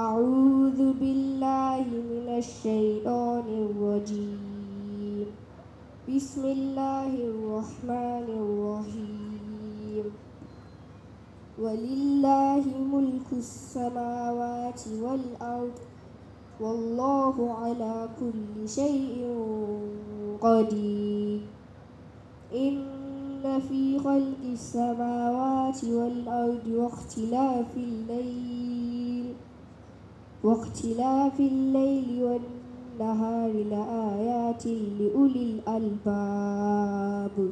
أعوذ بالله من الشيطان الرجيم بسم الله الرحمن الرحيم ولله ملك السماوات والأرض والله على كل شيء قدير إن في خلق السماوات والأرض واختلاف الليل واختلاف الليل والنهار لآيات لأولي الألباب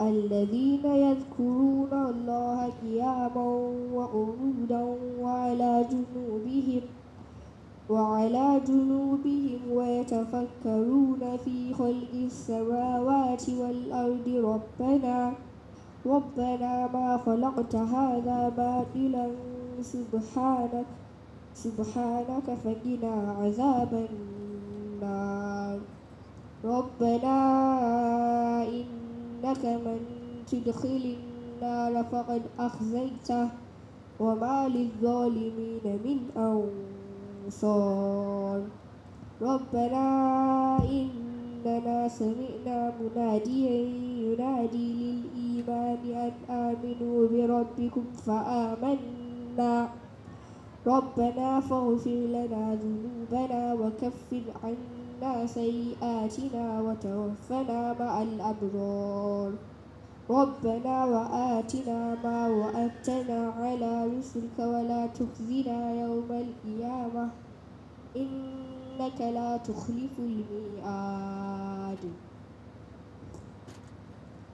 الذين يذكرون الله قياما وقعودا وعلى جنوبهم وعلى جنوبهم ويتفكرون في خلق السماوات والأرض ربنا ربنا ما خلقت هذا باطلا سبحانك سبحانك فقنا عذاب النار ربنا إنك من تدخل النار فقد أخزيته وما للظالمين من أنصار ربنا إننا سمعنا مناديا ينادي للإيمان أن آمنوا بربكم فآمنا ربنا فاغفر لنا ذنوبنا وكفر عنا سيئاتنا وتوفنا مع الأبرار ربنا وآتنا ما وأتنا على رسلك ولا تخزنا يوم القيامة إنك لا تخلف الميعاد